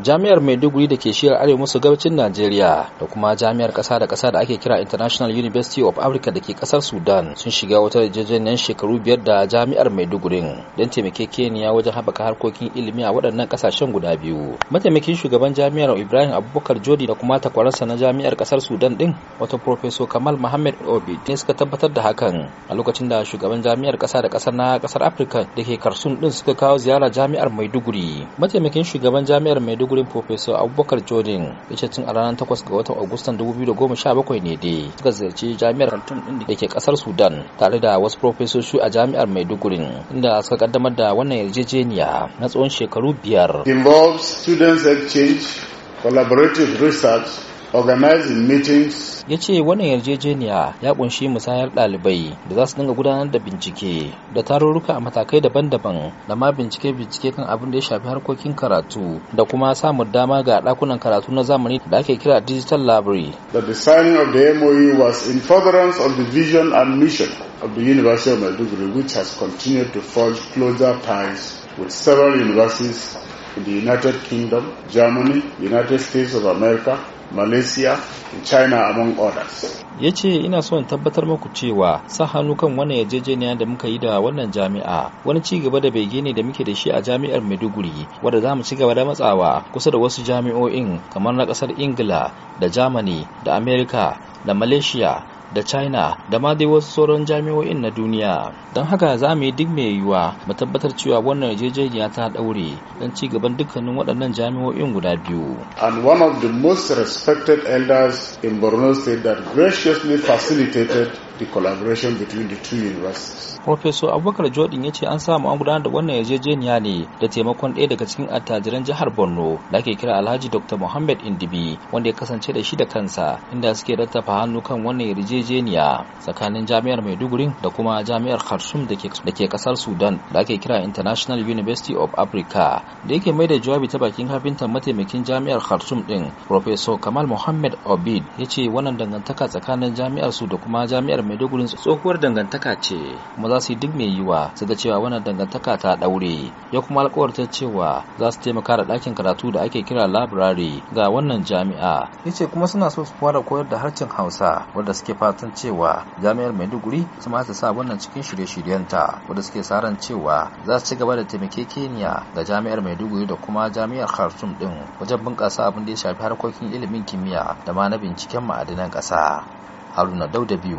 jami'ar maiduguri da ke shiyar arewa maso gabacin najeriya da kuma jami'ar kasa da kasa da ake kira international university of africa da ke kasar sudan sun shiga wata yarjejeniyar shekaru biyar da jami'ar maiduguri don taimakekeniya wajen haɓaka harkokin ilimi a waɗannan ƙasashen guda biyu mataimakin shugaban jami'ar ibrahim abubakar jodi da kuma takwaransa na jami'ar kasar sudan din Wata professor kamal Mohammed obi ne suka tabbatar da hakan a lokacin da shugaban jami'ar kasa da kasa na kasar afirka da ke karsun din suka kawo ziyara jami'ar maiduguri mataimakin shugaban jami'ar maiduguri gurin Professor Abubakar Jordan yace tun a ranar 8 ga watan Agustan 2017 ne dai suka ziyarci jami'ar Khartoum din da ke kasar Sudan tare da wasu profesoshi a jami'ar Maiduguri inda suka kaddamar da wannan yarjejeniya na tsawon shekaru biyar. Involves students exchange, collaborative research organizing meetings. Ya ce wannan yarjejeniya ya kunshi musayar dalibai da za su dinga gudanar da bincike da tarurruka a matakai daban-daban da ma bincike-bincike kan abin da ya shafi harkokin karatu da kuma samun dama ga dakunan karatu na zamani da ake kira digital library. That the signing of the MOU was in furtherance of the vision and mission of the University of Maiduguri which has continued to forge closer ties with several universities the United Kingdom, Germany, United States of America, Malaysia, and China among others. ya ce ina so in tabbatar muku cewa sa hannu kan wannan yarjejeniya da muka yi da wannan jami'a wani ci gaba da bege ne da muke da shi a jami'ar maiduguri wadda za mu ci gaba da matsawa kusa da wasu jami'o'in kamar na kasar ingila da germany da america da malaysia da china da ma dai wasu sauran jami'o'in na duniya don haka za mu yi duk mai yiwuwa mu tabbatar cewa wannan yarjejeniya ta daure don ci gaban dukkanin waɗannan jami'o'in guda biyu and one of the most respected elders in borno state that graciously facilitated the collaboration between the two universities. Professor Abubakar Jordan ya ce an samu an gudanar da wannan yarjejeniya ne da taimakon ɗaya daga cikin attajiran jihar Borno da ake kira Alhaji Dr. Muhammad Indibi wanda ya kasance da shi da kansa inda suke rattafa hannu kan wannan yarjejeniya tsakanin jami'ar Maiduguri da kuma jami'ar Khartoum da ke kasar Sudan da ake kira International University of Africa da yake mai da jawabi ta bakin kafintan mataimakin jami'ar Khartoum din Professor Kamal Muhammad Obid ya ce wannan dangantaka tsakanin jami'ar su da kuma jami'ar Maiduguri tsohuwar dangantaka ce kuma za su yi duk mai yiwa su ga cewa wannan dangantaka ta daure ya kuma alkawarta cewa za su taimaka da ɗakin karatu da ake kira labirare ga wannan jami'a Ya ce kuma suna so su fara koyar da harshen Hausa wanda suke fatan cewa jami'ar Maiduguri su ma ta sa wannan cikin shirye-shiryenta wanda suke sa cewa za su ci gaba da taimakekeniya ga jami'ar Maiduguri da kuma jami'ar Khartoum din wajen bunƙasa abin da ya shafi harkokin ilimin kimiyya da ma na binciken ma'adinan ƙasa. Haruna Dauda biyu